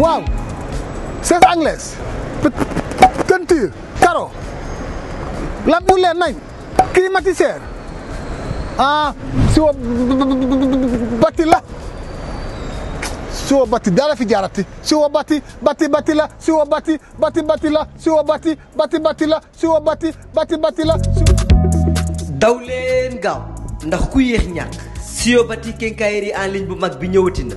waaw chaise anglaise peinture carreau lam bu leen nañ climatiseur ah siwo bati la siwo bati dara fi jaarati siwo bati bati bati la siwo bati bati bati la siwo bati bati bati la siwo bati bati bati la daw leen gaaw ndax ku yéex ñàkk siwo bati kenkaayeri en ligne bu mag bi ñëwati na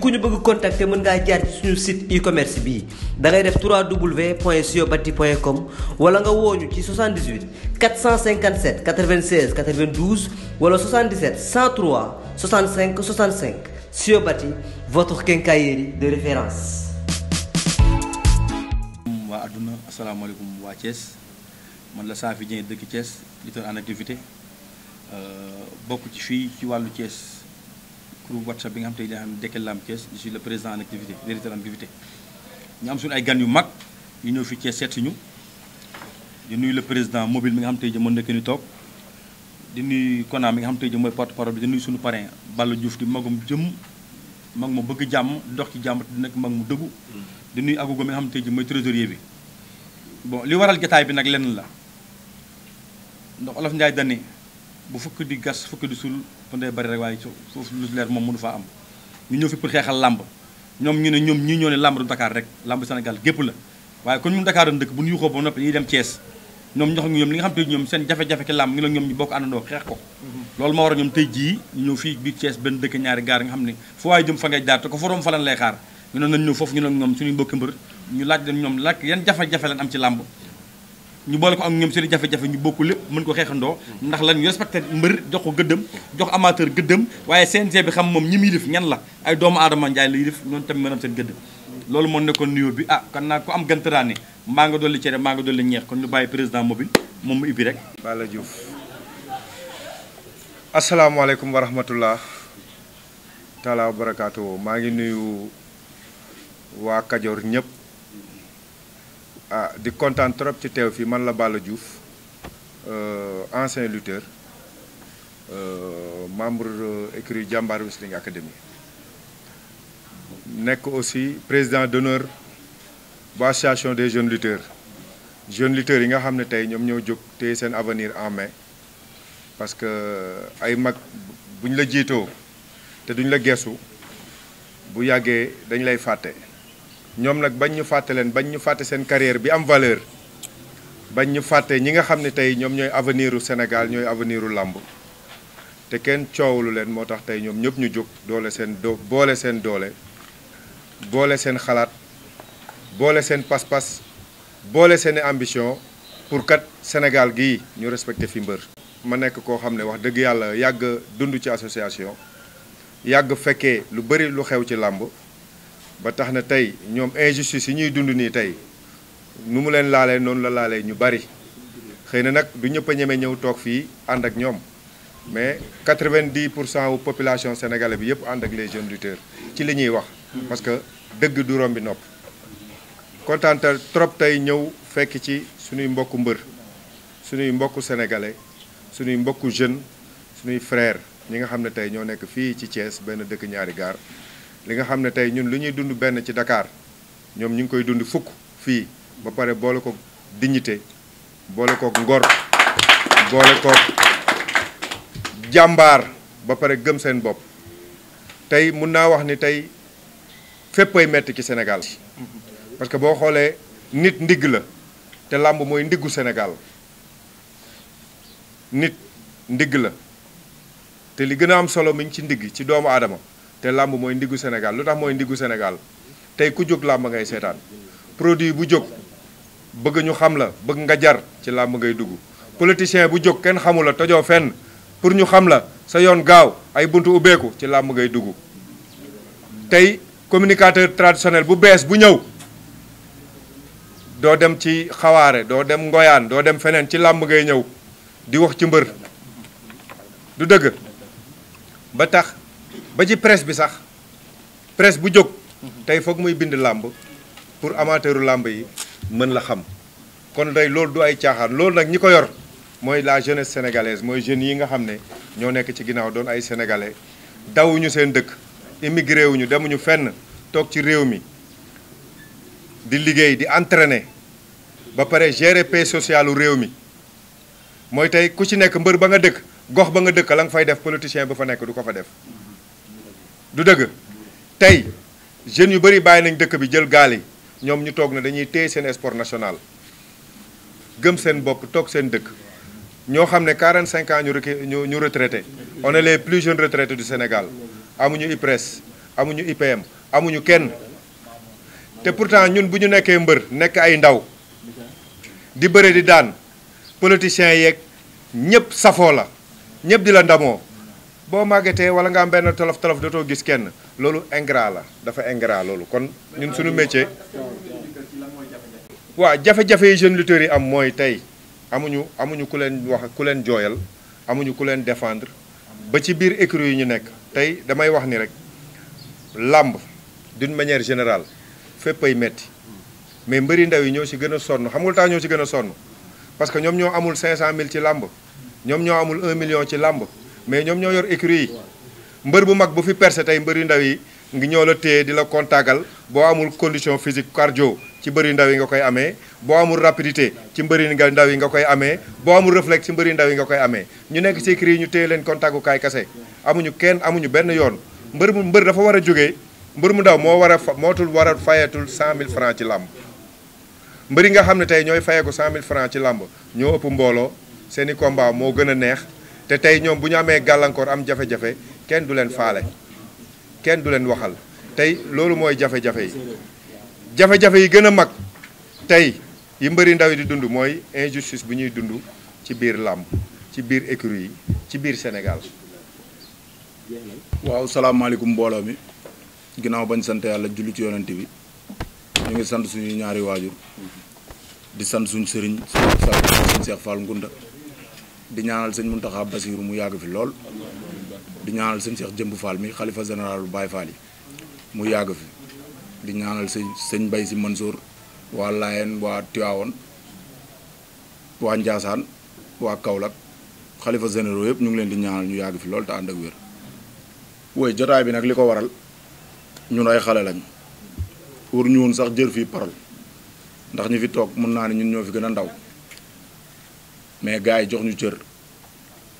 képp ku ñu bëgg contacter mën ngaa jaar ci suñu site e-commerce bii da ngay def www.siobati.com wala nga wooñu ci 78 457 96 92 wala 77 103 65 65 Siobati votre quincaillerie de référence. waa àdduna asalaamaaleykum waa Thiès man la Safi Dieng dëkk Thiès di doon en activité euh, bokk ci fii ci wàllu Thiès. groupe whatsapp bi nga xam te ne dañu xam Dekel Lam Thiès je suis le président en activité directeur en activité ñu am suñu ay gan yu mag yu ñëw fi Thiès seet ñu di nuyu le président mobile mi nga xam te ne mën na ko ni toog di nuyu Kona mi nga xam te ne mooy porte parole bi di nuy suñu parrain Balla Diouf di magum jëm mag ma bëgg jàmm dox ci jàmm di nekk mag mu dëggu. di nuy agogo mi nga xam te ne mooy trésorier bi bon li waral jotaay bi nag lenn la ndax Olof Ndiaye dañ bu fukk di gas fukk di suul bu ndee bari rek waaye foofu lu leer moom mënu faa am ñu ñëw fi pour xeexal làmb ñoom ñu ne ñoom ñii ñoo ne làmb du Dakar rek làmb la waaye kon ñun Dakar dëkk bu ñu yuuxoo ba noppi dañuy dem Thiès ñoom ñoo xam ñoom li nga ñoom seen jafe-jafe ci làmb ngi la ñoom ñu bokk àndandoo xeex mhm. a ñoom tey jii ñu fii biir Thiès benn dëkk ñaari gaar nga xam ne fu waaye jëm fa ngay ko foroom fa lan lay xaar ñu ne foofu ñu ne ñoom suñuy mbokki mbër ñu laaj leen ñoom laaj yan jafe-jafe lañ am ci làmb ñu boole ko am ñoom seen i jafe-jafe ñu bokk lépp mën ko xeexandoo ndax lan ñu respecté mbër jox ko gëddëm jox amateur gëddëm waaye CNG bi xam moom ñi muy def ñan la ay doomu aadama njaay lay def noonu tamit mën am seen gëddëm loolu moo nekkoon nuyoo bi ah kan naa ko am gantaraane maa nga dolli cere maa nga dolli ñeex kon ñu bàyyi président mobile moom mu ibbi rek Balla Diouf asalaamaaleykum wa rahmatullah taala wa maa ngi nuyu waa Kajoor ñëpp ah di kontaan trop ci teew fii man la Balla Diouf euh, ancien lutteur euh, membre euh, écurie Jambar Wrestling Academy nekk aussi président d'honneur bu association des jeunes lutteurs jeunes lutteurs yi nga xam ne tey ñoom ñoo jóg te seen avenir en main parce que ay mag buñ la jiitoo te duñ la geesu bu yàggee dañ lay fàtte ñoom nag bañ ñu fàtte leen bañ ñu fàtte seen carrière bi am valeur bañ ñu fàtte ñi nga xam ne tey ñoom ñooy avenir u Sénégal ñooy avenir u làmb te kenn coowlu leen moo tax tey ñoom ñëpp ñu jóg doole seen do boole seen doole boole seen xalaat boole seen pas-pas boole seen ambition pour kat Sénégal gii ñu respecté fi mbër. ma nekk koo xam ne wax dëgg yàlla yàgg dund ci association yàgg fekkee lu bëri lu xew ci làmb ba tax na tey ñoom injustice yi ñuy dund nii tey nu mu leen laalee noonu la laalee ñu bari xëy na nag du ñëpp a ñeme ñëw toog fii ànd ak ñoom mais 90 pour cent wu population sénégalais bi yëpp ànd ak les jeunes lutteurs ci li ñuy wax. parce que dëgg du rombi nopp. kontaan trop tey ñëw fekk ci suñuy mbokku mbër suñuy mbokku sénégalais suñuy mbokku jeune suñuy frère ñi nga xam ne tey ñoo nekk fii ci Thiès benn dëkk ñaari gaar li nga xam ne tey ñun lu ñuy dund benn ci Dakar ñoom ñu ngi koy dund fukk fii ba pare boole ko dignité boole kook ngor boole kook jàmbaar ba pare gëm seen bopp tey mun naa wax ni tey féppay metti ci Sénégal parce que boo xoolee nit ndigg la te làmb mooy ndiggu senegal nit ndigg la te li gën a am solo mi ngi ci ndigg ci doomu aadama te làmb mooy ndiggu Sénégal lu tax mooy ndiggu Sénégal tey ku jóg làmb ngay seetaan produit bu jóg bëgg ñu xam la bëgg nga jar ci làmb ngay dugg politicien bu jóg kenn xamula tojo fenn pour ñu xam la sa yoon gaaw ay buntu ubbeeku ci làmb ngay dugg tey communicateur traditionnel bu bees bu ñëw doo dem ci xawaare doo dem ngoyaan doo dem feneen ci làmb ngay ñëw di wax ci mbër du dëgg ba tax ba ci presse bi sax presse bu jóg tey foog muy bind làmb pour amateur làmb yi mën la xam kon tey lool du ay caaxaan loolu nag ñi ko yor mooy la jeunesse sénégalaise mooy jeunes yi nga xam ne ñoo nekk ci ginnaaw doon ay sénégalais dawuñu seen dëkk immigré wuñu demuñu fenn toog ci réew mi di liggéey di entraîner ba pare gérer paix socialu réew mi mooy tey ku ci nekk mbër ba nga dëkk gox ba nga dëkk la nga fay def politicien ba fa nekk du ko fa def du dëgg tey jeunes yu bëri bàyyi nañ dëkk bi jël gaal yi ñoom ñu toog ne dañuy téye seen sport national gëm seen bopp toog seen dëkk ñoo xam ne 45 ans ñu ñu ñu retraité on est les plus jeunes retraités du Sénégal amuñu IPRES amuñu IPM amuñu kenn te pourtant ñun bu ñu nekkee mbër nekk ay ndaw di bëre di daan politiciens yeeg ñëpp safoo la ñëpp di la ndamoo boo màggetee wala nga am benn tolof tolof dootoo gis kenn loolu ingrat la dafa ingrat loolu kon ñun suñu métier. waa jafe-jafe yi jeunes lutteurs yi am mooy tey amuñu amuñu ku leen wax ku leen jooyal amuñu ku leen défendre ba ci biir écurie yi ñu nekk tey damay wax ni rek làmb d'une manière général fépp ay metti mais mbëri ndaw yi ñoo ci gën a sonn xam nga ñoo ci gën a sonn parce que ñoom ñoo amul 500000 ci làmb ñoom ñoo amul un million ci làmb mais ñoom ñoo yor écurie yi mbër bu mag bu fi percé tey mbëri ndaw yi ngi ñoo la téye di la kontaagal boo amul condition physique cardio ci mbëri ndaw yi nga koy amee boo amul rapidité ci mbëri nga ndaw yi nga koy amee boo amul réflexe ci mbëri ndaw yi nga koy amee ñu nekk ci écurie yi ñu téye leen kontaagukaay kase amuñu kenn amuñu benn yoon mbër mu mbër dafa war a jógee mbër mu ndaw moo war a mootul war a fayetul 100000 francs ci làmb mbëri nga xam ne tey ñooy fayeeku 100000 francs ci làmb ñoo ëpp mbooloo seeni combat moo gën a neex te tey ñoom bu ñu amee gàllankoor am jafe-jafe kenn du leen faale kenn du leen waxal tey loolu mooy jafe-jafe yi jafe-jafe yi gën a mag tey yi mbëri ndaw di dund mooy injustice bu ñuy dund ci biir làmb ci biir écurie yi ci biir Sénégal. waaw salaamaaleykum mbooloo mi ginnaaw bañ sant yàlla julli ci yonent bi ñu ngi sant suñu ñaari waajur di sant suñu sëriñ suñu Seex Fall Ngunda di ñaanal sëñ Muntaxa Basiiru mu yàgg fi lool di ñaanal sëñ Cheikh Jëmb faal mi xalifa général Baye Fall yi mu yàgg fi di ñaanal sëñ sëñ Bay si Mansour waa Laayeen waa Tiwaawoon waa Njaasaan waa Kaolack xalifa généraux yëpp ñu ngi leen di ñaanal ñu yàgg fi lool te ànd ak wér woy jotaay bi nag li ko waral ñun ay xale lañ war ñu woon sax jër fii parole ndax ñu fi toog mun naa ne ñun ñoo fi gën a ndaw mais gars yi jox ñu cër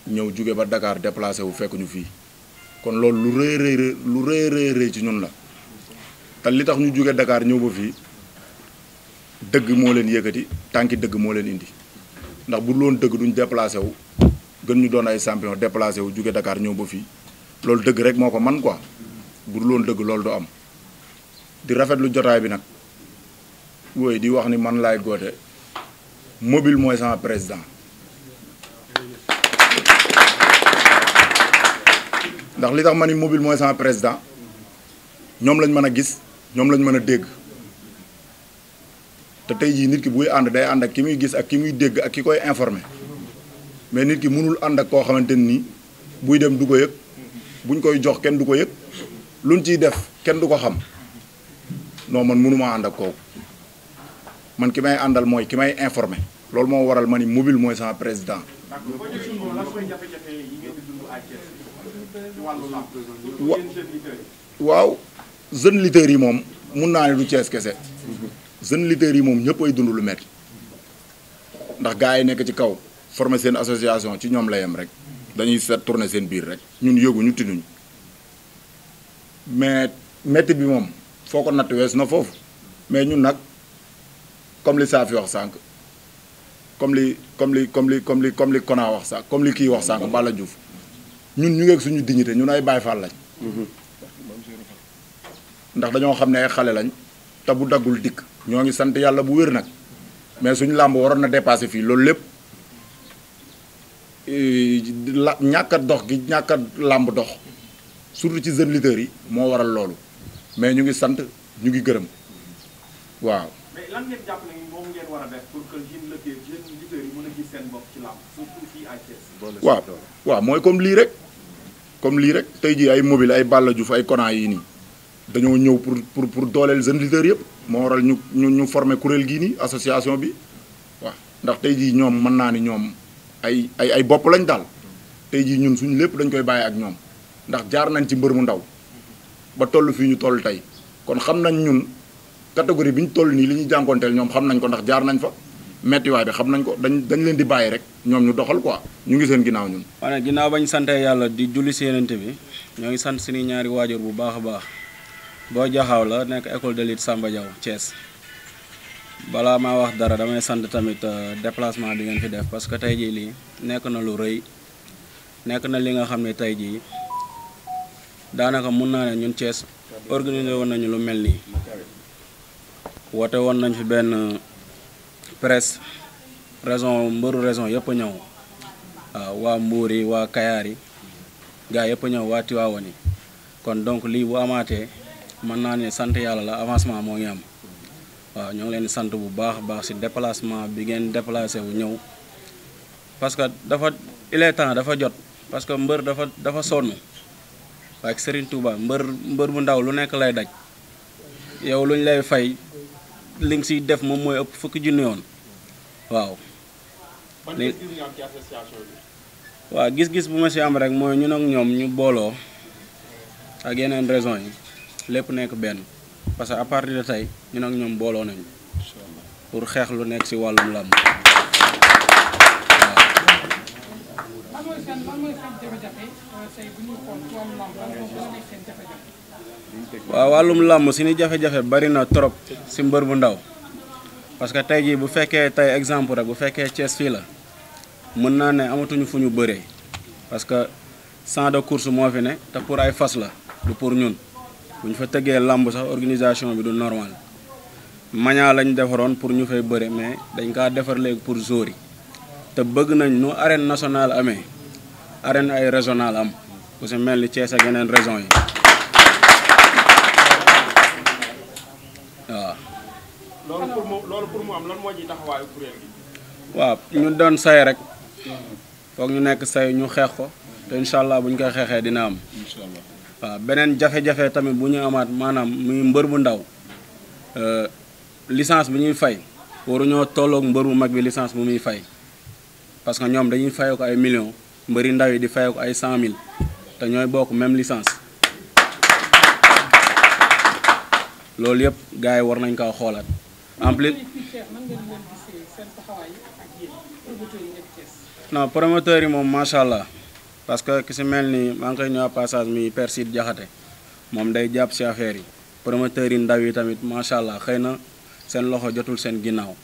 ñëw juge ba dakaar déplacé wu fekk ñu fii kon loolu lu rëy rëy lu rëy rëy rëy ci ñun la te li tax ñu jóge Dakar ñëw ba fii dëgg moo leen yëkkati tànki dëgg moo leen indi ndax bu loon dëgg duñ déplacé wu gën ñu doon ay champion déplacé wu jóge Dakar ñëw ba fii loolu dëgg rek moo ko man ko bu loon dëgg loolu du am di rafetlu jotaay bi nag wooy di wax ni man laay goote mobile mooy sama président ndax li tax ma ni mobile mooy sama président ñoom lañ mën a gis ñoom lañ mën a dégg te tey jii nit ki buy ànd day ànd ak ki muy gis ak ki muy dégg ak ki koy informé mais nit ki mënul ànd ak koo xamante ni buy dem du ko yëg buñ koy jox kenn du ko yëg luñ ciy def kenn du ko xam non man mënuma ànd ak kooku man ki may àndal mooy ki may informé loolu moo waral ma ni mobile mooy sama président. waaw jeune lutteurs yi moom mun naa ne du Thiès kese mhm. jeune lutteurs yi moom ñëpp ay dund lu metti ndax gars yi nekk ci kaw forme seen association ci ñoom la yem rek dañuy seet tourner seen biir rek ñun yëgu ñu tinuñ mais metti bi moom foo ko natt wees na foofu mais ñun nag comme li saa fi wax sànq. comme li comme li comme li comme li comme li Kona wax sax comme li kii wax sànq Balla Diouf ñun ñu ngeeg suñu dignité ñun ay Baay Faal ndax dañoo xam ne xale lañ te bu daggul dikk ñoo ngi sant yàlla bu wér nag mais suñu làmb waroon na dépassé fii loolu lépp euh, la ñàkk dox gi ñàkk làmb dox surtout ci jeunes lutteurs yi moo waral loolu mais ñu ngi sant ñu ngi gërëm waaw mais waaw waaw mooy comme lii rek comme lii rek tey jii ay mobile ay Balla Diouf ay Kona yi nii dañoo ñëw pour pour pour dooleel jeunes leaders yëpp moo waral ñu ñu ñu formé kuréel gii nii association bi waa ndax tey jii ñoom mën naa ni ñoom ay ay ay bopp lañ daal tey jii ñun suñ lépp dañ koy bàyyi ak ñoom ndax jaar nañ ci mbër mu ndaw ba toll fii ñu toll tey kon xam nañ ñun. catégorie bi ñu toll nii li ñu jànkonteel ñoom xam nañ ko ndax jaar nañ fa mettiwaay bi xam nañ ko dañ dañ leen di bàyyi rek ñoom ñu doxal ko ñu ngi seen ginnaaw ñun. waaye ginnaaw bañ sante yàlla di julli si yenente bi ñoo ngi sant suñuy ñaari waajur bu baax a baax boo jaxaw la nekk école de lutte Samba Diaw Thiès balaa maa wax dara damay sant tamit euh, déplacement bi ngeen fi def parce que tey jii lii nekk na lu rëy nekk na li nga xam ne tey jii daanaka mun naa ne ñun Thiès nañu lu mel nii. woote woon nañ fi benn presse raison mbëru raison yëpp ñëw waaw ah, waa Mbuur yi waa Kayaar yi gaa yëpp ñëw waa Tiwaawan yi kon donc lii bu amaatee mën naa ne sant yàlla la avancement moo ngi am waaw ñoo ngi leen sant bu baax baax ci déplacement bi ngeen déplacé wu ñëw parce que dafa il est temps dafa jot parce que mbër dafa dafa sonn waaye Serigne Touba mbër mbër bu ndaw lu nekk lay daj yow luñ lay fay. li nga siy def moom mooy ëpp fukki junni yoon waaw. léegi gis-gis bu ma si am rek mooy ñun ak ñoom ñu booloo ak yeneen raison yi lépp nekk benn parce que à partir de tey ñun ak ñoom booloo nañu pour xeex lu nekk si wàllum làmb. waaw wàllum làmb suñu jafe-jafe bari na trop si mbër bu ndaw parce que tey jii bu fekkee tey exemple rek bu fekkee cees fii la mën naa ne amatuñu fu ñu bëree parce que champ de course moo fi ne te pour ay fas la du pour ñun bu ñu fa tëggee làmb sax organisation bi du normal mañaa lañ defaroon pour ñu fay bëre mais dañ kaa defar léegi pour jour yi te bëgg nañ nu arène nationale amee arène ay régional am ku si mel ni Thiès ak yeneen région yi mu am moo ciy taxawaayu waaw ñu doon say rek foog ñu nekk say ñu xeex ko te incha allah bu ñu koy xeexee dina am. incha allah waaw beneen jafe-jafe tamit bu ñu amaat maanaam muy mbër bu ndaw euh, licence bi ñuy fay waruñoo tollook mbër bu mag bi licence bu muy fay parce que ñoom dañuy fayoo ko ay millions mbëri ndaw yi di fayoo ko ay cent mille te ñooy bokk même licence. loolu yëpp gars yi war nañ kaa xoolaat. en plus non yi moom macha allah parce que ki si mel ni maa ngi koy ñëw passage mi Perside Jaxate moom day jàpp si affaire yi promoteurs yi ndaw yi tamit macha allah xëy na seen loxo jotul seen ginnaaw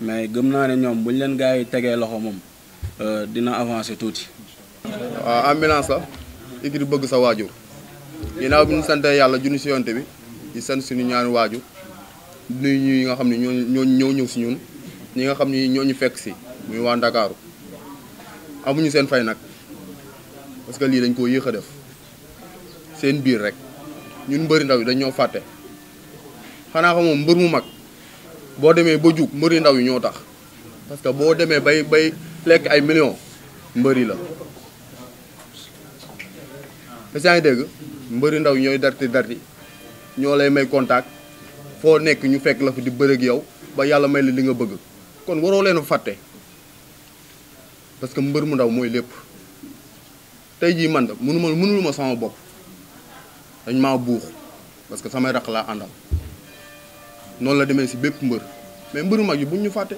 mais gëm naa ne ñoom bu ñu leen gars yi tegee loxo moom euh, dina avancer tuuti. waaw ambulance la ikiri bëgg sa waajur ginnaaw bi ñu sante yàlla junni si yonte bi di sant suñu ñaanu waajur nuyu ñi nga xam ne ñoo ñoo ñoo ñëw si ñun ñi nga xam ni ñoo ñu fekk si muy waa Ndakaaru amuñu seen fay nag parce que lii dañ koo yéex a def seen biir rek ñun mbëri ndaw yi dañ ñoo fàtte xanaa xamoon mbër mu mag boo demee ba jug mbëri ndaw yi ñoo tax parce que boo demee bay bay lekk ay millions mbëri la te saa ngi dégg mbëri ndaw yi ñooy darti darti ñoo lay may contact foo nekk ñu fekk la fa di bëreeg yow ba yàlla may la li nga bëgg kon waroo leen fàtte parce que mbër mu ndaw mooy lépp tey jii man da mënuma mënuluma sama bopp dañ maa buux parce que samay raq laa àndal noonu la demee si bépp mbër mais mbëru mag yi buñ ñu fàtte.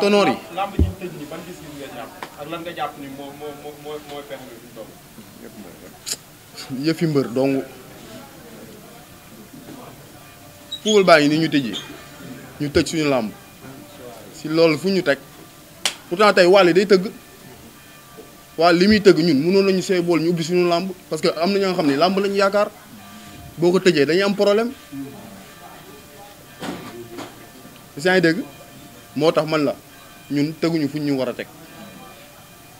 tonoor yi làmb ji yëfi mbër dong. pool baa ngi nii ñu tëjee ñu tëj suñu làmb si loolu fu ñu teg pourtant tey wàll day tëgg waa li muy tëgg ñun mënoon nañu see bool ñu ubbi suñu làmb parce que am na ñoo xam ne làmb lañu yaakaar boo ko tëjee dañuy am problème yaa ngi dégg moo tax man la ñun teguñu fu ñu war a teg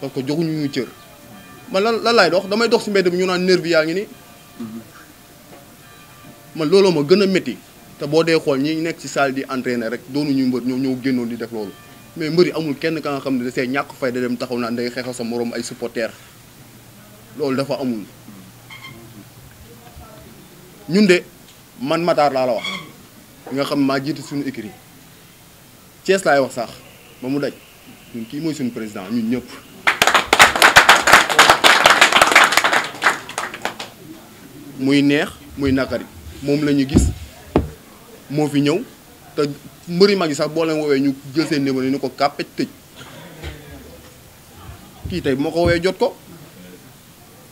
parce que joxuñu ñu cër man lan laay dox damay dox si mbedd bi ñu naan nervi yaa ngi ni man looloo ma gën a métti. te boo dee xool ñi nekk ci salle di entraîner rek doonu ñu mbër ñoo ñoo génnoon di def loolu mais mbëri amul kenn ka nga xam ne da ñàkk fay da dem taxaw naan day xeexal sa moroom ay supporter loolu dafa amul ñun de man Matar laa la wax nga xam maa jiitu suñu écrit Thiès laay wax sax ba mu daj ñun kii mooy suñu président ñun ñëpp muy neex muy nakari moom la ñu gis moo fi ñëw te mbëri mag yi sax boo leen woowee ñu jël seen numéro ni ko kàppaj tëj kii tey moo ko woowee jot ko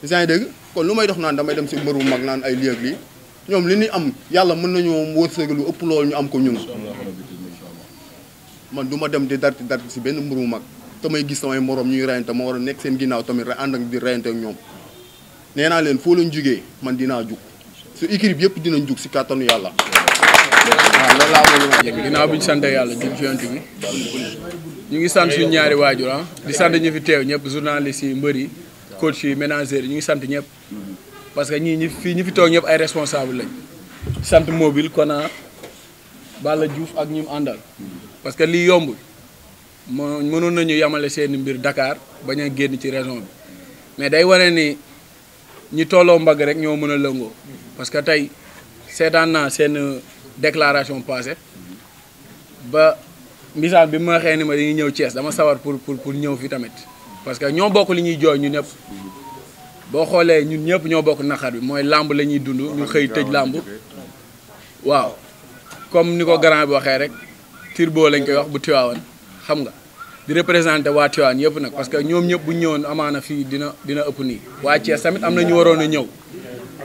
yaa ngi dégg kon lu may dox naan damay dem si mbër bu mag naan ay lii ak lii ñoom li ñuy am yàlla mën nañoo wërsëgal lu ëpp loolu ñu am ko ñun man du dem di darti darti si benn mbër bu mag te gis samay moroom ñuy reyante ma war a nekk seen ginnaaw tamit ànd ak di reyante ak ñoom nee naa leen foo leen jugee man dinaa jug su équipe yëpp dinañ jug si kàttanu yàlla waaw ah, loolu laa bëgg a ñu sant yàlla jub ñu ngi sant suñu ñaari waajur ah di sant ñu fi teew ñëpp journalistes yi mbër yi coach yi ménagères yi ñu ngi sant ñëpp parce que ñii ñi fii ñi fi toog ñëpp ay responsable lañ sant mobile Kona baala Diouf ak ñu àndal parce que lii yombul moo mënoon ñu yamale seeni mbir Dakar bañ génn ci région bi mais day wane ni ñi tolloo mbagg rek ñoo mën a lëngoo parce que tey seetaan naa seen déclaration passée ba misaal bi mu xëy ni ma dañuy ñëw Thiès dama sawar pour pour pour ñëw fii tamit parce que ñoo bokk li ñuy jooy ñu ñëpp boo xoolee ñun ñëpp ñoo bokk naqar bi mooy làmb la ñuy dund ñu xëy tëj làmb waaw comme ni ko grand bi waxee rek tiir boo lañ koy wax bu Tiwaawan xam nga di représenté waa Tiwaawan yëpp nag parce que ñoom ñëpp bu ñëwoon amaana fii dina dina ëpp nii waa Thiès tamit am na ñu waroon a ñëw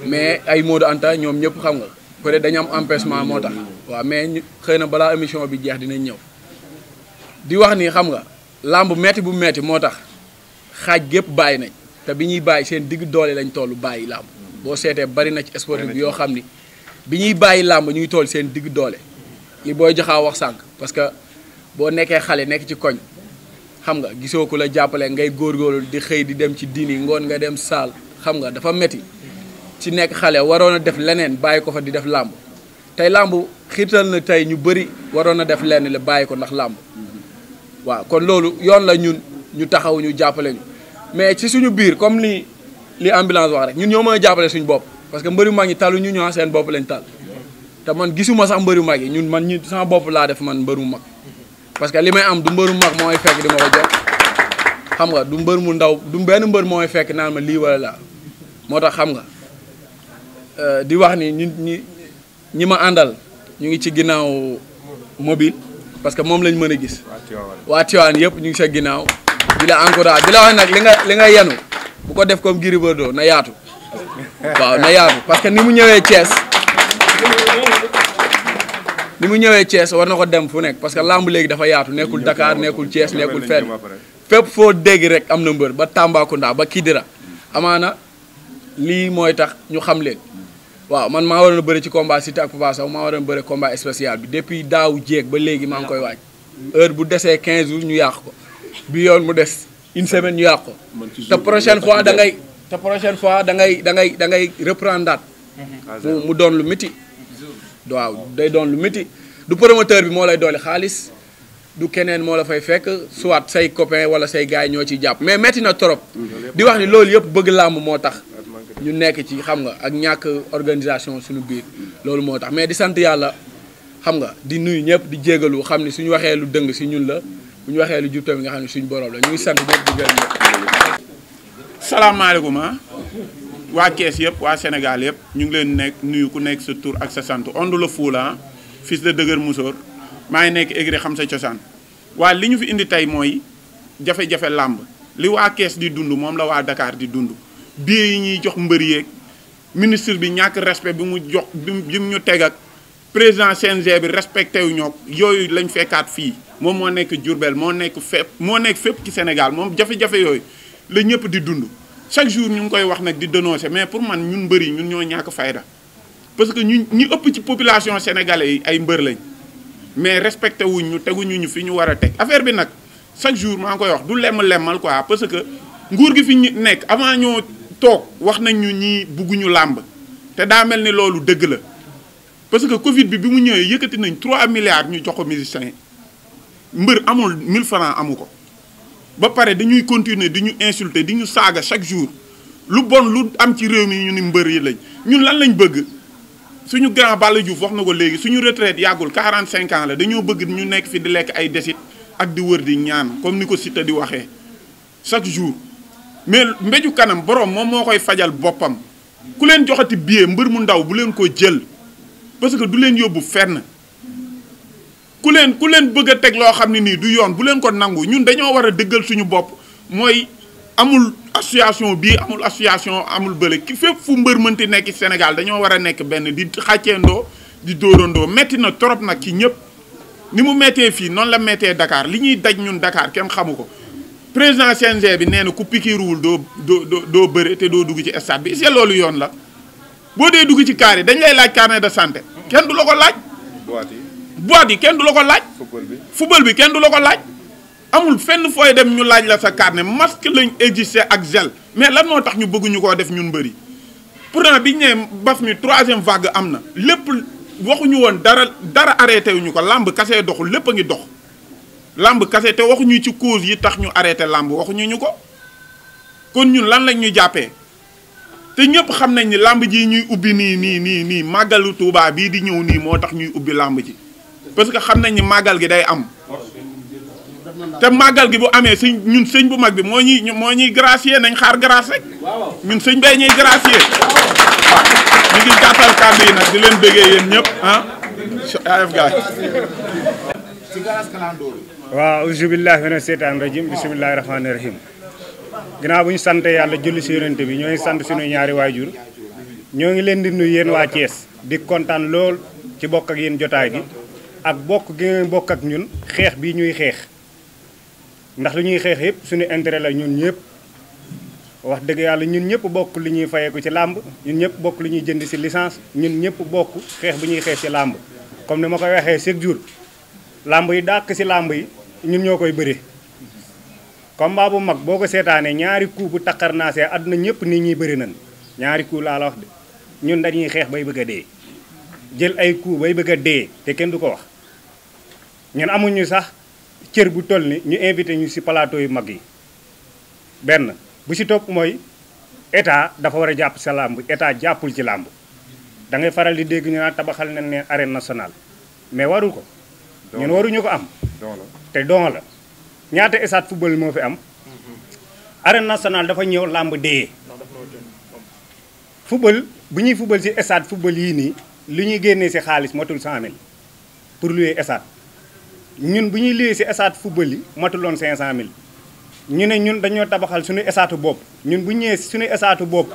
mais ay Modou Anta ñoom ñëpp xam nga peut-être dañu am empêchement moo tax waaw mais xëy na balaa émission bi jeex dinañ ñëw di wax ni xam nga làmb metti bu metti moo tax xaaj gépp bàyyi nañ te bi ñuy bàyyi seen digg doole lañ toll bàyyi làmb boo seetee bari na ci sportif yoo xam ni bi ñuy bàyyi làmb ñu ngi toll seen digg doole li booy jaxaa wax sànq parce que boo nekkee xale nekk ci koñ xam nga gisoo ko la jàppale ngay góorgóorlu di xëy di dem ci dini ngoon nga dem saal xam nga dafa metti ci nekk xale waroon a def leneen bàyyi ko fa di def làmb tey làmb xiital na tey ñu bëri waroon a def lenn la bàyyi ko ndax làmb waaw kon loolu yoon la ñun ñu taxawuñu jàppale ñu mais ci suñu biir comme li li ambulance wax rek ñun ñoo mën jàppale suñu bopp parce que mbëri mag ñi talu ñu ñoo seen bopp lañ tal man gisuma sax mbëri mag yi ñun man ñu sama bopp laa def man mbëru mag parce que li may am du mbër mbëru mag mooy fekk di ma ko jox xam nga du mbër mu ndaw du benn mbër mooy fekk naan ma lii wala laa moo tax xam nga Euh, di wax ni ñun ñi ñi ma àndal ñu ngi ci ginnaaw mobile parce que moom lañ mën a gis waa Tivaouane yëpp ñu ngi sa ginnaaw di la encourage di wax nag li nga li nga yenu bu ko def comme Gris Bordeaux na yaatu waaw na yaatu parce que ni mu ñëwee Thiès ni mu ñëwee Thiès war na ko dem fu nekk parce que làmb léegi dafa yaatu nekkul Dakar nekkul Thiès nekkul fenn fépp foo dégg rek am na mbër ba Tambacounda ba Kidira amaana lii mooy tax ñu xam leen waaw man maa waroon a bëri ci combat Siteu ak Papa Sow maa waroon a bëri combat spécial bi depuis daaw jéeg ba léegi maa ngi koy waaj heure bu desee quinze jours ñu yàq ko bi yoon mu des une semaine ñu yàq ko te prochaine fois da ngay te prochaine fois da ngay da ngay da ngay reprendre ah, mu doon lu métti waaw day doon lu métti du promoteur bi moo lay doole xaalis du keneen moo la fay fekk soit say copain wala say gars yi ñoo ciy jàpp mais métti na trop di wax ni loolu yëpp bëgg làmb moo tax ñu nekk ci xam nga ak ñàkk organisation suñu biir loolu moo tax mais di sant yàlla xam nga di nuyu ñëpp di jégalu xam ni suñu waxee lu dëng si ñun la bu ñu waxee lu jub tamit nga xam ne suñu borom la ñu ngi sant ñëpp di gërëm ñëpp. salaamaaleykum ah. waa Kees yëpp waa Sénégal yëpp ñu ngi leen nekk nuyu ku nekk sa tur ak sa sant Onde le Fou la fils de dëgër musóor maa ngi nekk écurie xam sa cosaan waaye li ñu fi indi tey mooy jafe-jafe làmb li waa Kees di dund moom la waa dakaar di dund. biir yi ñuy jox mbër yeeg ministre bi ñàkk respect bi mu jox bi mu ñu teg ak président CNG bi respecté wu ñoo yooyu lañ fekkaat fii moom moo nekk Diourbel moo nekk fépp moo nekk fépp ci Sénégal moom jafe-jafe yooyu la ñëpp di dund chaque jour ñu ngi koy wax nag di dénoncer mais pour man ñun mbër yi ñun ñoo ñàkk fayda parce que ñu ñu ëpp ci population sénégalais yi ay mbër lañ mais respecté wuñ ñu tegu ñu ñu fi ñu war a teg affaire bi nag chaque jour maa ngi koy wax du lemm lemmal quoi parce que nguur gi fi ñu nekk avant ñoo toog wax nañ ñu ñii bugguñu làmb te daa mel ni loolu dëgg la parce que Covid bi bi mu ñëwee yëkkati nañ 3 milliards ñu jox ko musiciens yi mbër amul 1000 francs amu ko ba pare dañuy continuer di ñu insulter di ñu saaga chaque jour lu bon lu am ci réew mi ñu ni mbër yi lañ ñun lan lañ bëgg suñu grand Balla Diouf wax na ko léegi suñu retraite yàggul 45 ans la dañoo bëgg ñu nekk fi di lekk ay desit ak di wër di ñaan comme ni ko Siteu di waxee chaque jour. mais mbéju kanam borom moom moo koy fajal boppam ku leen joxati billet mbër mu ndaw bu leen ko jël parce que du leen yóbbu fenn ku leen ku leen bëgg a teg loo xam ne nii du yoon bu leen ko nangu ñun dañoo war a dëggal suñu bopp mooy amul association bii amul association amul bële ki fépp fu mbër mënti nekk Sénégal dañoo war a nekk benn di xàcceendoo di dóorandoo metti na trop nag ci ñëpp ni mu méttee fii noonu la méttee dakaar li ñuy daj ñun Dakar kenn xamu ko président CNG bi nee na ku pikiiruwul doo doo doo bëre te doo dugg ci stade bi est loolu yoon la boo dee dugg ci kaar yi dañ lay laaj carnet de sante kenn du la ko laaj. boîte yi yi kenn du la ko laaj. football bi football bi kenn du la ko laaj. amul fenn fooy dem ñu laaj la sa ne masque lañ existé ak gel mais lan moo tax ñu bëgg ñu koo def ñun bëri pourtant biñ ne baf mi troisième vague am na lépp waxuñu woon dara dara arrêté wuñu ko làmb kasee doxul lépp a ngi dox. làmb kase te waxuñu ci cause yi tax ñu arrêté làmb waxuñu ñu ko kon ñun lan lañ ñu jàppee te ñëpp xam nañ ni làmb ji ñuy ubbi nii nii nii nii màggalu Tuubaa bii di ñëw nii moo tax ñuy ubbi làmb ji parce que xam nañ ñi màggal gi day am te màggal gi bu amee sëñ ñun sëñ bu mag bi moo ñuy moo ñuy nañ xaar grâce rek ñun sëñ bee ñuy gracier waaw ngi gàttal kàddu yi nag di leen bëggee yéen ñëpp ah AF waaw auzubillahi mina seytaani rajim bisimilahi rahmaani rahim ginnaaw bu ñu santee yàlla julli si yonent bi ñoo ngi sant suñu ñaari waajur ñoo ngi leen di nuyu yéen waa Thiès di kontaan lool ci bokk ak yéen jotaay bi ak bokk gi ngeen bokk ak ñun xeex bi ñuy xeex ndax li ñuy xeex yëpp suñu intérêt la ñun ñëpp wax dëgg yàlla ñun ñëpp bokk li ñuy fayeeku ci làmb ñun ñëpp bokk li ñuy jënd si licence ñun ñëpp bokk xeex bi ñuy xeex ci làmb comme ni ma koy waxee chaque jour làmb yi dàq si làmb yi ñun ñoo koy bëri combat bu mag boo ko seetaanee ñaari coup bu takkar naa see àdduna ñëpp nit ñuy bëri nañ ñaari coup laa la wax de ñun dañuy xeex bay bëgg a dee jël ay coup bay bëgg a dee te kenn du ko wax ñun amuñu sax cër bu toll ni ñu invité ñu ci plateau yu mag yi benn bu ci topp mooy état dafa war a jàpp sa làmb état jàppul ci làmb da ngay faral di dégg ñu naan tabaxal nañ ne arène nationale mais waru ko ñun waruñu ko am te don la ñaata stade football moo fi am. Mm-hmm. arène nationale dafa ñëw làmb dee. football bu ñuy football ci stade football yii nii li ñuy génne ci xaalis matul 100000 pour louer stade ñun bu ñuy louer ci stade football yi matuloon 500000 ñu ne ñun dañoo tabaxal suñu stade bopp ñun bu ñëwee suñu stade bopp